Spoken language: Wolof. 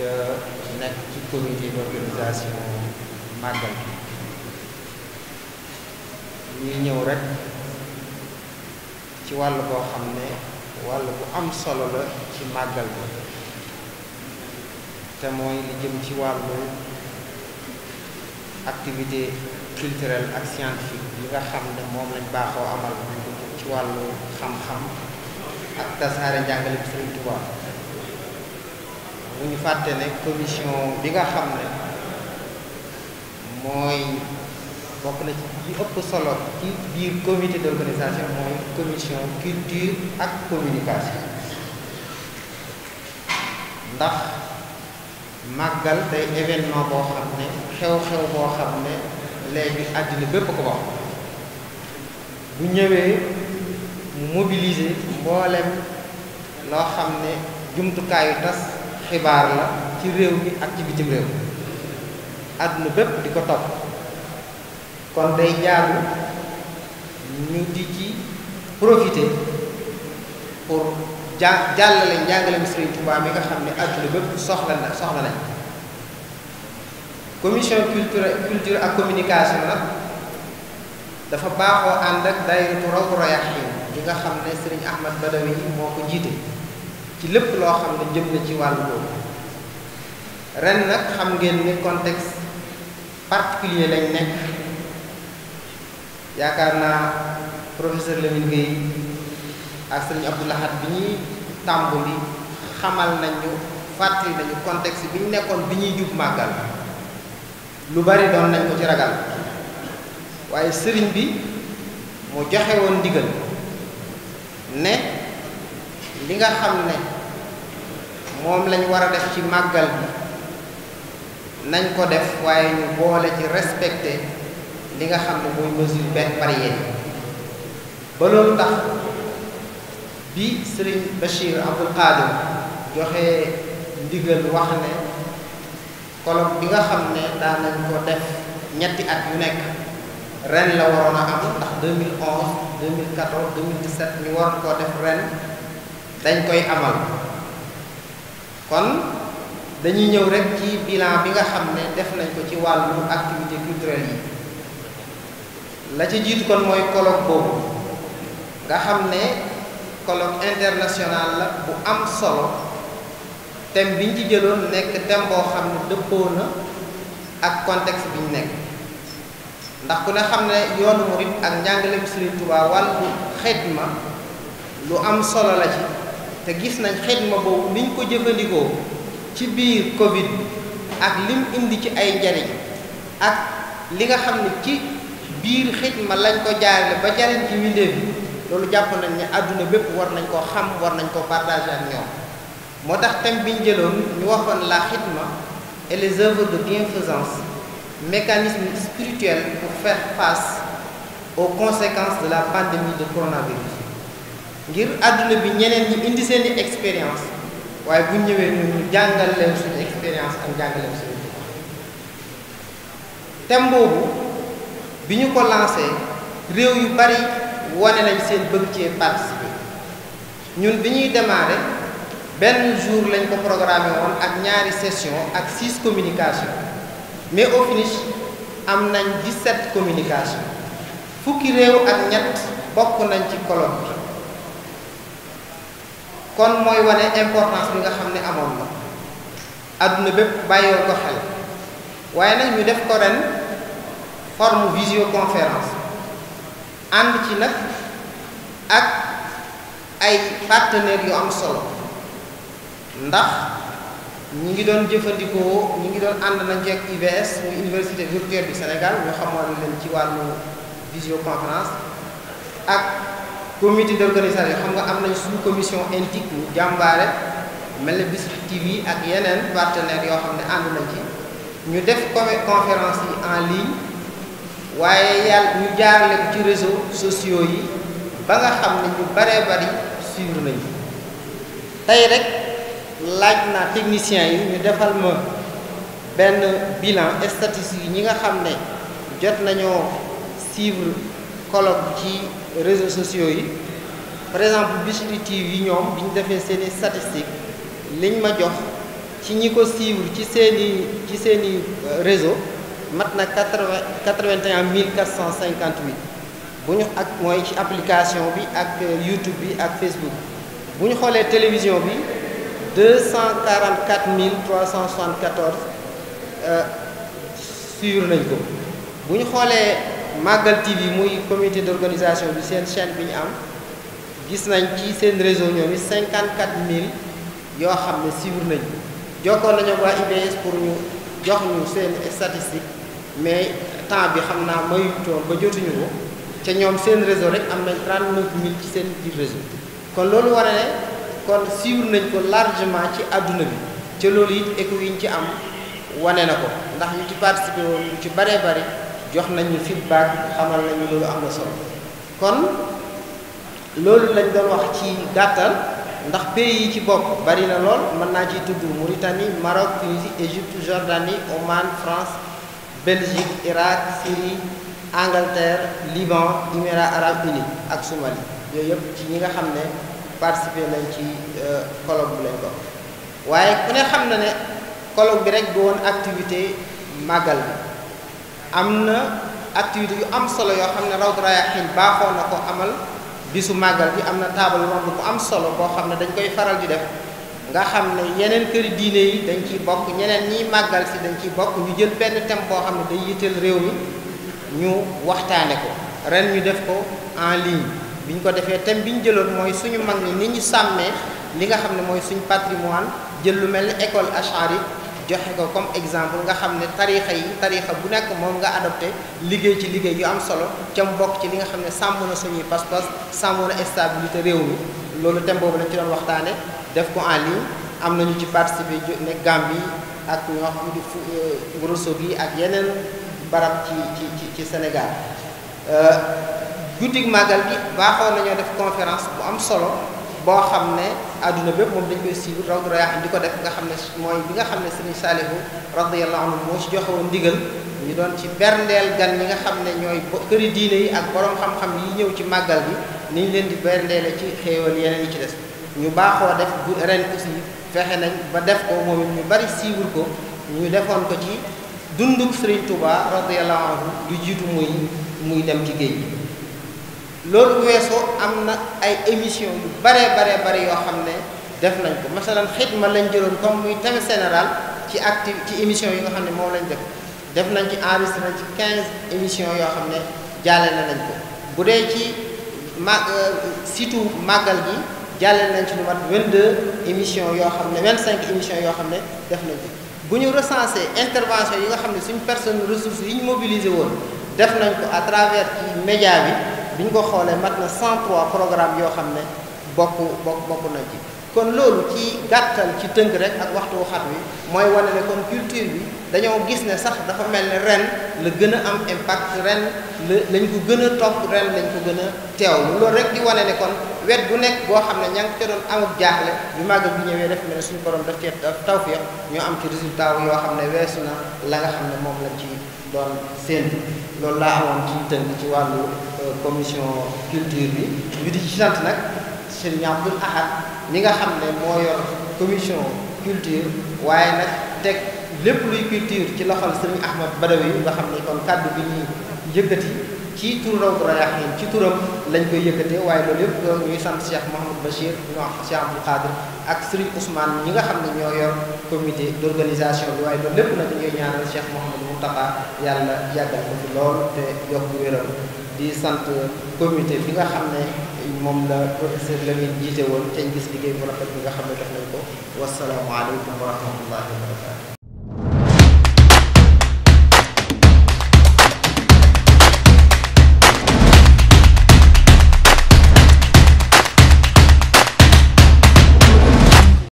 ca nekk ci comité d'organisation màggal bi ñuy ñëw rekk ci wàll boo xam ne wàll bu am solo la ci màggal bi te mooy li jëm ci wàllu activité culturelle ak scientifique yi nga xam ne moom lañ baaxoo amal ci wàllu xam-xam ak tasaare njàngale bi Sëriñ Tuubaa bu ñu fàtte ne commission bi nga xam ne mooy bokk na ci li ëpp solo ci biir comité d'organisation mooy commission culture ak communication ndax màggal day événement boo xam ne xew-xew boo xam ne léegi àddina bépp ko wax bu ñëwee mu mobiliser mboolem loo xam ne jumtukaayu tas xibaar la ci réew mi ak ci bitim réew àdduna bépp di ko topp kon day jaaru ñu di ci profité pour ja jàllale njàngale mi Sëriñ Tuubaa mi nga xam ne àdduna bépp soxla na soxla nañ commission culture culture ak communication nag dafa baaxoo ànd ak daayiratu Rawdu Rayaahiin bi nga xam ne Sëriñ Ahmad Badawi moo ko jiite ci lépp loo xam ne jëm na ci wàllu boobu ren nag xam ngeen ni contexte particulier lañ nekk yaakaar naa professeur Lamine Gueye ak sëriñ Abdou Lahad bi ñuy tàmbali xamal nañu fàttali nañu contexte bi ñu nekkoon bi ñuy jub màggal lu bari doon nañ ko ci ragal waaye sëriñ bi mu joxe woon ndigal ne li nga xam ne moom lañu war a def ci màggal bi nañ ko def waaye ñu boole ci respecte li nga xam ne mooy mesure benn barrière ba loolu tax bi sëriñ Bachir Abdoul Qadir joxe ndigal wax ne colloque bi nga xam ne daan nañ ko def ñetti at yu nekk ren la waroon a am ndax 2011 2014 2017 ñu war koo def ren dañ koy amal kon dañuy ñëw rek ci bilan bi nga xam ne def nañ ko ci wàllu activité culturelle yi la ci jiitu kon mooy colloque boobu nga xam ne colloque international la bu am solo thème biñ ci jëloon nekk thème boo xam ne dëppoo ak contexte bi ñu nekk ndax ku ne xam ne yoonu murit ak njàngaleem Sëriñ Tuubaa wàllu ma lu am solo la ci te gis nañ xidma boobu niñ ko jëfandikoo ci biir Covid ak lim indi ci ay njariñ ak li nga xam ne ci biir xidma lañ ko jaarale ba jariñ ci mbindeef bi loolu jàpp nañ ne àdduna bépp war nañ koo xam war nañ koo partager ak ñoom moo tax thème bi ñu jëloon ñu waxoon la xidma et les œuvres de bienfaisance mécanisme spirituel pour faire face aux conséquences de la pandémie de coronavirus ngir àdduna bi ñeneen ñi indi seen i expérience waaye bu ñëwee ñun ñu jàngal leen suñu expérience ak jàngal leen suñu thème boobu bi ñu ko lancé réew yu bari wane nañ seen bëgg cee participer ñun bi ñuy démarré benn jour lañ ko programme woon ak ñaari session ak six communication mais au am nañ di set communication fukki réew ak ñett bokk nañ ci colloque bi kon mooy wane importance bi nga xam ne amoon na àdduna bépp bàyyoon ko xel waaye nag ñu def ko ren forme visioconférence ànd ci nag ak ay partenaires yu am solo ndax ñi ngi doon jëfandikoo ñi ngi doon ànd nañ ci ak UVS muy Université virtuelle du Sénégal ñu xamoon leen ci wàllu visioconférence ak comité d'organisation xam nga am nañ suñu commission intique bu jàmbaare mel ne Bichri TV ak yeneen partenaires yoo xam ne ànd nañ ñu def conférence yi en ligne waaye yàlla ñu jaarale ko ci réseaux sociaux yi ba nga xam ne ñu baree bari suivre nañu tey rek laaj na techniciens yi ñu defal ma benn bilan statistique yi ñi nga xam ne jot nañoo suivre colloque ci réseaux sociaux yi par exemple Bichri TV yi ñoom bi ñu defee seen i statistiques liñ ma jox ci ñi ko suivre ci seeni ci seen i euh, réseau mat na quatre vingt et mille quatre cent cinquante huit bu ñu ak mooy ci application bi ak euh, YouTube bi ak Facebook bu ñu xoolee télévision bi deux cent quarante quatre mille trois cent soixante quatorze euh, suivre nañ ko bu ñu xoolee. Magal TV muy comité d'organisation bi seen chaîne bi ñu am gis nañ ci seen réseau ñoom it mille yoo xam ne suivre nañ jokkoon nañu waa IBS pour ñu jox ñu seen statistique mais temps bi xam naa mayutoon ba jotuñu ko ca ñoom seen réseau rek am nañ 39000 ci seen biir réseau kon loolu war kon suivre nañ ko largement ci àdduna bi ca loolu it écho yi ñu ci am wane na ko ndax ñu ci participé woon ñu ci baree bare jox nañu feedback xamal nañu loolu am na solo kon loolu lañ doon wax ci gàttal ndax pays yi ci bokk bari na lool mën naa ci tudd Mauritanie Maroc Tunisie Égypte Jordanie Oman France Belgique Irak Syrie Angleterre Liban Émirats arabes unis ak Somalie yooyu yëpp ci ñi nga xam ne participé nañ ci euh, colloque bu lañ bokk waaye ku ne xam na ne colloque bi rek du woon activité màggal bi am na activité yu am solo yoo xam ne Rawdu Rayaahiin baaxoo na ko amal bisu màggal bi am na taabal ronde bu am solo boo xam ne dañ koy faral di def nga xam ne yeneen këri diine yi dañ ciy bokk ñeneen ñi màggal si dañ ciy bokk ñu jël benn thème boo xam ne day yitteel réew mi ñu waxtaane ko ren ñu def ko en ligne bi ñu ko defee thème bi ñu jëloon mooy suñu mag ñi nit ñi sàmmee li nga xam ne mooy suñu patrimoine jël lu mel ni école ashari joxe ko comme exemple nga xam ne tarixa yi tarixa bu nekk moom nga adopté liggéey ci liggéey yu am solo ca mu bokk ci li nga xam ne sàmm na suñuy pas-pas sàmm na stabilité réew mi loolu thème boobu lañ ci doon waxtaane def ko en lii am nañu ci participé ne Gambie ak ñoo fu euh, ne Ourossogui ak yeneen barab ci ci ci Sénégal guddig màggal bi baaxoon nañoo def conférence bu am solo boo xam ne àdduna bépp moom dañ koy siiw rawdu rayaaxin di ko def nga xam ne mooy bi nga xam ne sëriñ saalihu radiyallahu anhu moo ci joxe woon ndigal ñu doon ci berndeel gan ñi nga xam ne ñooy këri diine yi ak borom xam-xam yi ñëw ci màggal bi ni leen di berndeele ci xéewal yeneen yi ci des ñu baaxoo def bu ren aussi fexe nañ ba def ko moom it ñu bari siiwul ko ñu defoon ko ci dunduk sëriñ Touba radiyallahu du jiitu muy muy dem ci géej gi loolu weesoo am na ay émission yu bare bare bare yoo xam ne def nañ ko masalan xidma lañ jëloon comme muy thème général ci acti ci émission yi nga xam ne moom lañ def def nañ ci enregistré nañ ci émission yoo xam ne jàlle na nañ ko bu dee ci ma euh, surtout màggal bi jàlle nañ ci lu mat 22 émission yoo xam ne cinq émission yoo xam ne def nañ ko bu ñu recensé intervention yi nga xam ne suñ personne ressource yi ñu mobilisé woon def nañ ko à travers ci média bi bi ñu ko xoolee mat na 103 programme yoo xam ne bokk bokk bokk na ci kon loolu ci gàttal ci tënk rek ak waxtu xat wi mooy wane ne kon culture bi dañoo gis ne sax dafa mel ne ren la gën a am impact ren la lañ ko gën a topp ren lañ ko gën a teewlu loolu rek di wane ne kon wet bu nekk goo xam ne ña ngi ca doon amuk jaaxle bi màggal bi ñëwee def mel ne suñu borom daf cee tawféex ñoo am ci résultat yoo xam ne weesu na la nga xam ne moom lañ ci doon séen loolu laa amoon ci tënk ci wàllu commission culture bi ñu di ci sant nag Serigne Abdoul Ahad mi nga xam ne moo yor commission culture waaye nag teg lépp luy culture ci loxol Serigne Ahmad Badawi yi nga xam ne kon kàddu bi ñuy yëkkati ci tur ci turam lañ koy yëkkatee waaye loolu yëpp loolu ñuy sant Cheikh Mouhamadou Bachir ñoo xam Cheikh Abdou Khadir ak Serigne Ousmane ñi nga xam ne ñoo yor comité d'organisation bi waaye loolu lépp nag ñuy ñaanal Cheikh Mouhamadou Mountakha yàlla yàggal ko fi lool di sant comité bi nga xam ne moom la la Lamine jiite woon te ñu gis liggéey bu rafet bi nga xam ne def nañ ko wasalaamualeykum wa rahmatullahi wa barakatu